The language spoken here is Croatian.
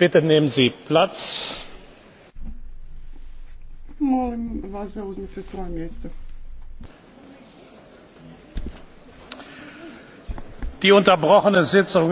bitte nehmen sie platz. molim vas da die unterbrochene sitzung